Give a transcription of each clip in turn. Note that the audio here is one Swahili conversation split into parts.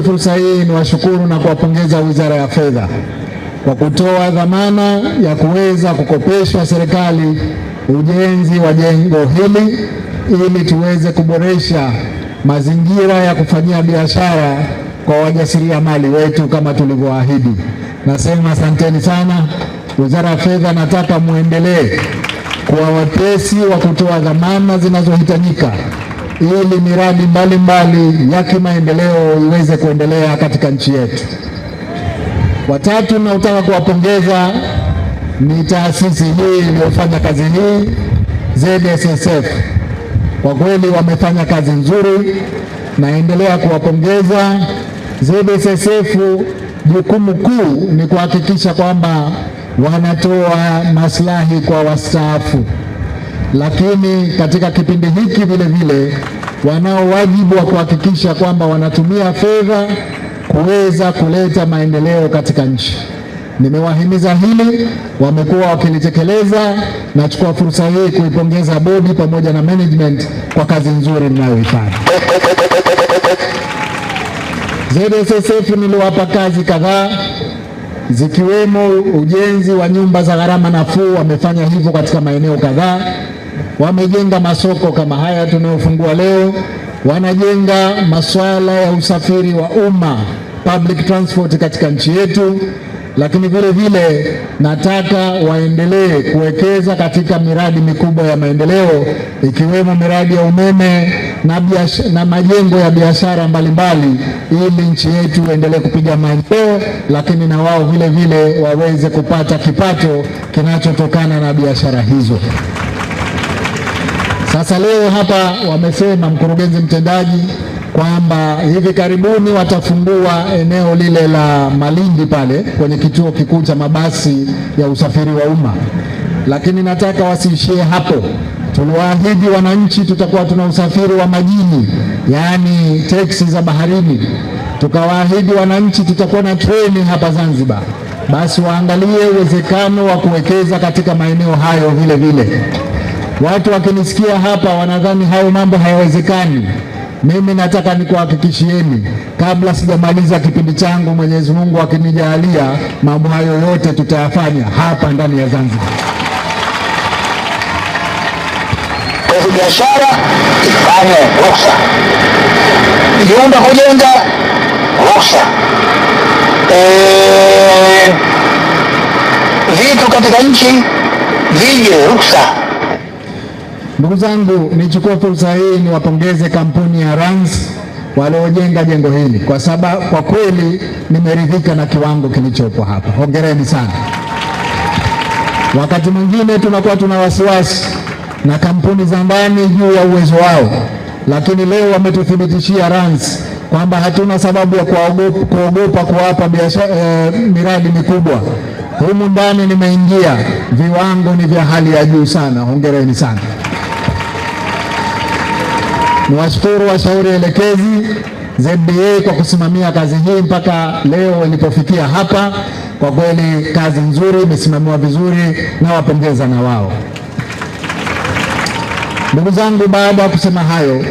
Nichukue fursa hii niwashukuru na kuwapongeza Wizara ya Fedha kwa kutoa dhamana ya kuweza kukopeshwa serikali ujenzi wa jengo hili ili tuweze kuboresha mazingira ya kufanyia biashara kwa wajasiriamali wetu kama tulivyoahidi. Nasema asanteni sana Wizara ya Fedha, nataka muendelee kuwa wepesi wa kutoa dhamana zinazohitajika ili miradi mbalimbali ya kimaendeleo iweze kuendelea katika nchi yetu. Watatu naotaka kuwapongeza ni taasisi hii iliyofanya kazi hii ZSSF. Kwa kweli wamefanya kazi nzuri, naendelea kuwapongeza ZSSF. Jukumu kuu ni kuhakikisha kwamba wanatoa maslahi kwa wastaafu lakini katika kipindi hiki vile vile wanao wajibu wa kuhakikisha kwamba wanatumia fedha kuweza kuleta maendeleo katika nchi. Nimewahimiza hili, wamekuwa wakilitekeleza. Nachukua fursa hii kuipongeza bodi pamoja na management kwa kazi nzuri mnayoifanya. ZSSF niliwapa kazi kadhaa zikiwemo ujenzi wa nyumba za gharama nafuu. Wamefanya hivyo katika maeneo kadhaa, wamejenga masoko kama haya tunayofungua leo, wanajenga masuala ya usafiri wa umma public transport katika nchi yetu lakini vile vile nataka waendelee kuwekeza katika miradi mikubwa ya maendeleo ikiwemo miradi ya umeme na, na majengo ya biashara mbalimbali, ili nchi yetu iendelee kupiga maendeleo, lakini na wao vile vile waweze kupata kipato kinachotokana na biashara hizo. Sasa leo hapa wamesema mkurugenzi mtendaji kwamba hivi karibuni watafungua eneo lile la Malindi pale kwenye kituo kikuu cha mabasi ya usafiri wa umma, lakini nataka wasiishie hapo. Tuliwaahidi wananchi tutakuwa tuna usafiri wa majini, yaani teksi za baharini. Tukawaahidi wananchi tutakuwa na treni hapa Zanzibar. Basi waangalie uwezekano wa kuwekeza katika maeneo hayo vile vile. Watu wakinisikia hapa wanadhani hayo mambo hayawezekani. Mimi nataka nikuhakikishieni, kabla sijamaliza kipindi changu, Mwenyezi Mungu akinijalia, mambo hayo yote tutayafanya hapa ndani ya Zanzibar. Kwenye biashara ifanye ruksa, ikiomba kujenga ruksa, ee, vitu katika nchi vije ruksa. Ndugu zangu, nichukue fursa hii niwapongeze kampuni ya Rans waliojenga jengo hili kwa sababu kwa kweli nimeridhika na kiwango kilichopo hapa. Hongereni sana. Wakati mwingine tunakuwa tuna wasiwasi na kampuni za ndani juu ya uwezo wao, lakini leo wametuthibitishia Rans kwamba hatuna sababu ya kuogopa kuwapa biashara eh, miradi mikubwa. Humu ndani nimeingia, viwango ni vya hali ya juu sana. Hongereni sana. Niwashukuru washauri elekezi ZBA kwa kusimamia kazi hii mpaka leo ilipofikia hapa. Kwa kweli kazi nzuri imesimamiwa vizuri, nawapongeza na wao. Ndugu zangu, baada ya kusema hayo,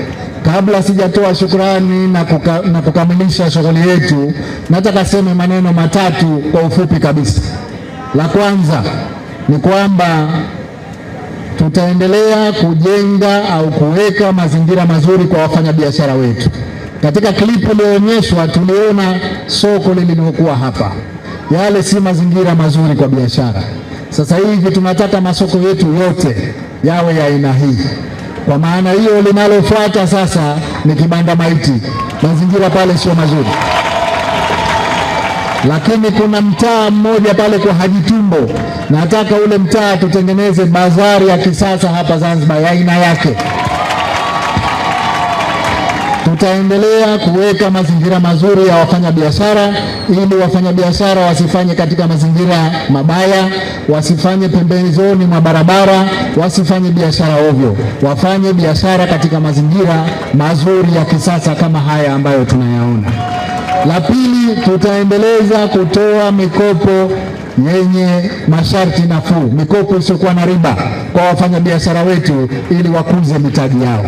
kabla sijatoa shukrani na, kuka, na kukamilisha shughuli yetu, nataka seme maneno matatu kwa ufupi kabisa. La kwanza ni kwamba tutaendelea kujenga au kuweka mazingira mazuri kwa wafanyabiashara wetu. Katika klipu iliyoonyeshwa tuliona soko lililokuwa hapa, yale si mazingira mazuri kwa biashara. Sasa hivi tunataka masoko yetu yote yawe ya aina hii. Kwa maana hiyo, linalofuata sasa ni kibanda maiti, mazingira pale sio mazuri lakini kuna mtaa mmoja pale kwa Haji Tumbo, nataka ule mtaa tutengeneze bazari ya kisasa hapa Zanzibar ya aina yake. Tutaendelea kuweka mazingira mazuri ya wafanyabiashara ili wafanyabiashara wasifanye katika mazingira mabaya, wasifanye pembezoni mwa barabara, wasifanye biashara ovyo, wafanye biashara katika mazingira mazuri ya kisasa kama haya ambayo tunayaona. La pili, tutaendeleza kutoa mikopo yenye masharti nafuu, mikopo isiyokuwa na riba kwa wafanyabiashara wetu ili wakuze mitaji yao.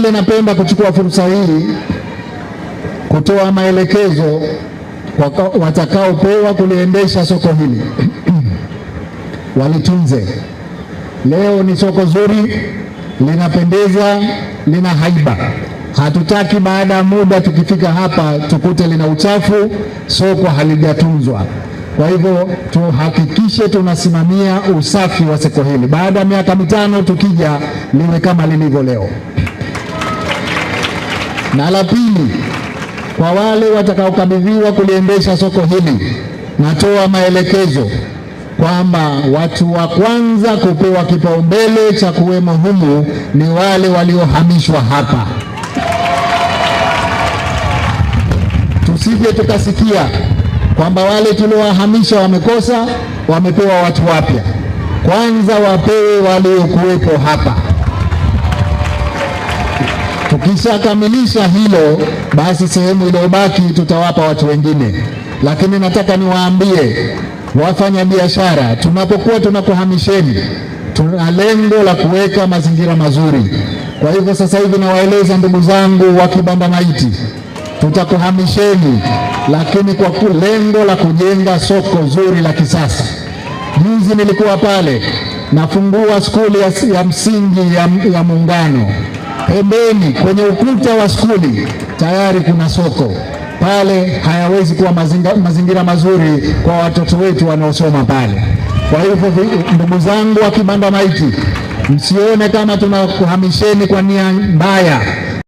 vile napenda kuchukua fursa hii kutoa maelekezo kwa watakaopewa kuliendesha soko hili walitunze. Leo ni soko zuri, linapendeza, lina haiba. Hatutaki baada ya muda tukifika hapa tukute lina uchafu, soko halijatunzwa. Kwa hivyo tuhakikishe tunasimamia usafi wa soko hili, baada ya miaka mitano tukija liwe kama lilivyo leo. Na la pili, kwa wale watakaokabidhiwa kuliendesha soko hili, natoa maelekezo kwamba watu wa kwanza kupewa kipaumbele cha kuwemo humu ni wale waliohamishwa hapa. Tusije tukasikia kwamba wale tuliowahamisha wamekosa, wamepewa watu wapya. Kwanza wapewe waliokuwepo hapa. Tukishakamilisha hilo, basi sehemu iliyobaki tutawapa watu wengine, lakini nataka niwaambie wafanya biashara, tunapokuwa tunakuhamisheni, tuna lengo la kuweka mazingira mazuri. Kwa hivyo sasa hivi nawaeleza ndugu zangu wa Kibanda Maiti, tutakuhamisheni lakini kwa lengo la kujenga soko zuri la kisasa. Juzi nilikuwa pale nafungua skuli ya, ya msingi ya, ya Muungano pembeni kwenye ukuta wa skuli tayari kuna soko pale, hayawezi kuwa mazinga, mazingira mazuri kwa watoto wetu wanaosoma pale. Kwa hivyo ndugu zangu wa Kibanda Maiti, msione kama tunakuhamisheni kwa nia mbaya.